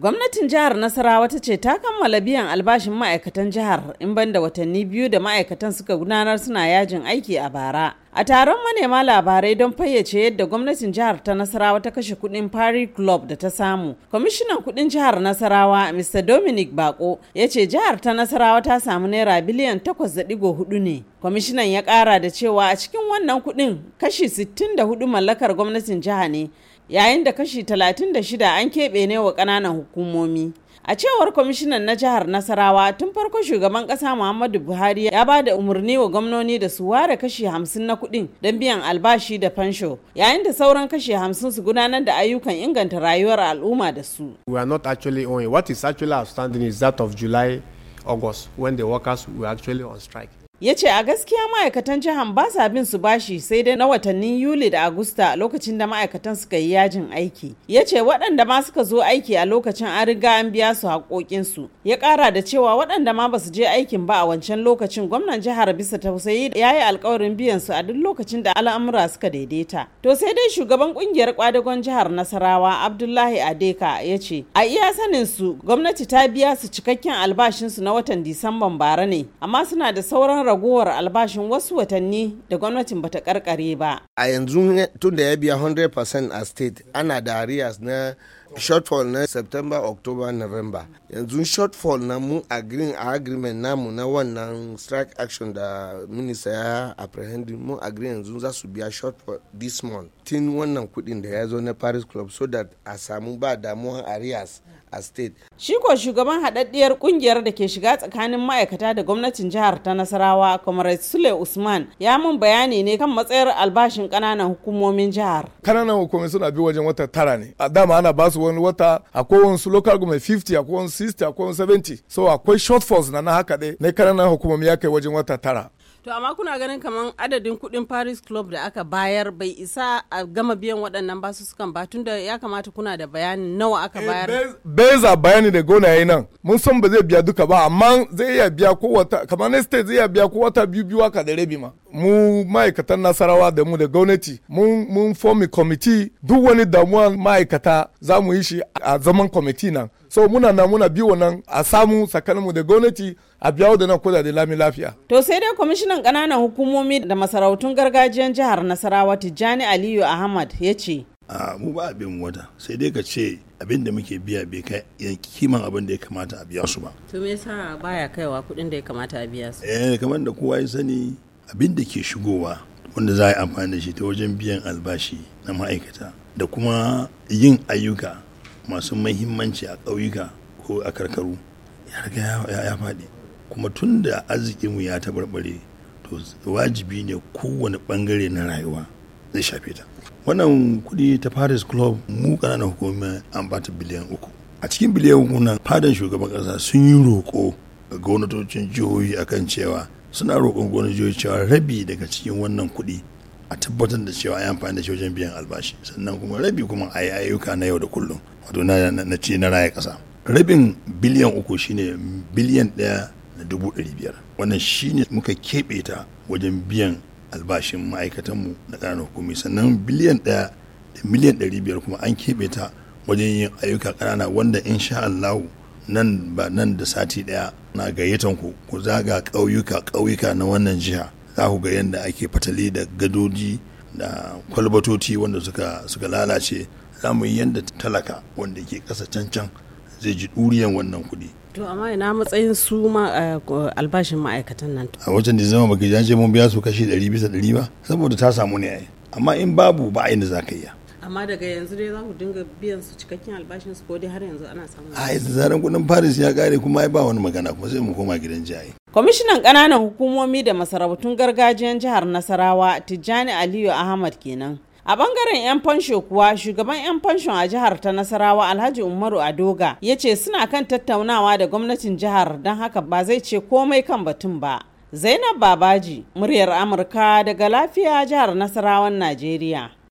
Gwamnatin jihar Nasarawa ta ce ta kammala biyan albashin ma'aikatan jihar in ban da watanni biyu da ma'aikatan suka gudanar suna yajin aiki a bara. A taron manema labarai don fayyace yadda gwamnatin jihar ta Nasarawa ta kashe kudin Pari Club da ta samu. Kwamishinan kudin jihar Nasarawa Mr. Dominic Bako ya ce jihar ta Nasarawa ta samu naira biliyan takwas da hudu ne. Kwamishinan ya kara da cewa a cikin wannan kudin kashi sittin da hudu mallakar gwamnatin jiha ne. yayin da kashi 36 an keɓe ne wa ƙananan hukumomi. A cewar kwamishinan na jihar Nasarawa tun farko shugaban ƙasa Muhammadu Buhari ya ba da umarni wa gwamnoni da su ware kashi hamsin na kuɗin don biyan albashi da fansho yayin da sauran kashi hamsin su gudanar da ayyukan inganta rayuwar al'umma da su. We are not actually on What is actually outstanding is that of July, August when the workers were actually on strike. ya ce a gaskiya ma'aikatan jihar ba sa bin su bashi sai dai na watannin yuli da agusta lokacin da ma'aikatan suka yi yajin aiki ya ce waɗanda ma suka zo aiki a lokacin an riga an biya su haƙoƙinsu ya ƙara da cewa waɗanda ma ba su je aikin ba a wancan lokacin gwamnan jihar bisa tausayi ya yi alkawarin biyan su a duk lokacin da al'amura suka daidaita to sai dai shugaban ƙungiyar kwadagon jihar nasarawa abdullahi adeka ya ce a iya sanin su gwamnati ta biya su cikakken albashinsu na watan disamban bara ne amma suna da sauran ragowar albashin wasu watanni da gwamnatin bata karkare ba. A yanzu eh, tun da ya biya 100% a state ana da arias na shortfall na september october november yanzu shortfall na mu green a agreement namu na wannan strike action da minista ya apprehend mu agree yanzu za su biya shortfall this month tin wannan kudin da ya zo na paris club so that a samu ba damuwan arias a state shi ko shugaban haɗaɗɗiyar kungiyar da ke shiga tsakanin ma'aikata da gwamnatin jihar ta nasarawa comrade sule usman ya mun bayani ne kan matsayar albashin kananan hukumomin jihar ƙananan hukumomi suna bi wajen wata tara ne a dama ana basu su wani wata akwai wasu local government 50 akwai wasu 60 akwai wasu 70 so akwai shortfalls na na haka dai na karana hukumomi ya kai wajen wata tara to amma kuna ganin kamar adadin kudin paris club da aka bayar bai isa a gama biyan waɗannan basu sukan ba tunda ya kamata kuna da bayani nawa aka eh, bayar beza bayani da gona yayi nan mun san ba zai biya duka ba amma zai iya biya ko wata kamar na state zai iya biya ko wata biyu biyu aka da rabi ma mu ma'aikatan nasarawa da mu da gwamnati mun fomi kwamiti duk wani damuwa ma'aikata za mu yi shi a zaman kwamiti nan so muna na muna bi wannan a samu mu da gwamnati a biya da nan kuda da lami lafiya. To sai dai kwamishinan ƙananan hukumomi da masarautun gargajiyan jihar Nasarawa Tijjani Aliyu Ahmad ya ce. A mu ba abin wata sai dai ka ce abin da muke biya bai kai kiman abin da ya kamata a biya su ba. To me yasa baya kaiwa kuɗin da ya kamata a biya su? Eh kamar da kowa ya sani abin da ke shigowa wanda za a yi amfani da shi ta wajen biyan albashi na ma'aikata da kuma yin ayyuka masu mahimmanci a ƙauyuka ko a karkaru ya riga ya faɗi kuma tun da arzikinmu ya taɓarɓare to wajibi ne kowane ɓangare na rayuwa zai shafe ta wannan kuɗi ta paris club mu ƙananan hukumar an bata biliyan uku a cikin biliyan uku nan fadan shugaban ƙasa sun yi roƙo ga gwamnatocin jihohi akan cewa suna roƙon gwamnati cewa rabi daga cikin wannan kuɗi a tabbatar da cewa ya amfani da shi wajen biyan albashi sannan kuma rabi kuma a yi ayyuka na yau da kullum wato na ce na raya ƙasa rabin biliyan uku shine biliyan ɗaya da dubu ɗari biyar wannan shine muka keɓe ta wajen biyan albashin ma'aikatanmu na ƙananan hukumi sannan biliyan ɗaya da miliyan ɗari biyar kuma an keɓe ta wajen yin ayyuka ƙanana wanda insha Allahu nan ba nan da sati daya na gayyatan ku ku zaga ƙauyuka ƙauyuka na wannan jiha za ku ga yadda ake fatali da gadoji da kwalbatoci wanda suka suka lalace za mu yi yadda talaka wanda ke ƙasa can zai ji ɗuriyan wannan kuɗi. To amma ina matsayin su ma albashin ma'aikatan nan. A wajen da zama baki jaje mun biya su kashi ɗari bisa ɗari ba saboda ta samu ne Amma in babu ba a za ka iya. amma daga yanzu dai za ku dinga biyan su cikakken albashin su ko dai har yanzu ana samun a yanzu zaran kudin paris ya kare kuma ai ba wani magana kuma sai mu koma gidan jaye kwamishinan kananan hukumomi da masarautun gargajiyan jihar nasarawa tijjani aliyu ahmad kenan a bangaren 'yan fansho kuwa shugaban 'yan fanshon a jihar ta nasarawa alhaji umaru adoga ya ce suna kan tattaunawa da gwamnatin jihar don haka ba zai ce komai kan batun ba zainab babaji muryar amurka daga lafiya jihar nasarawan najeriya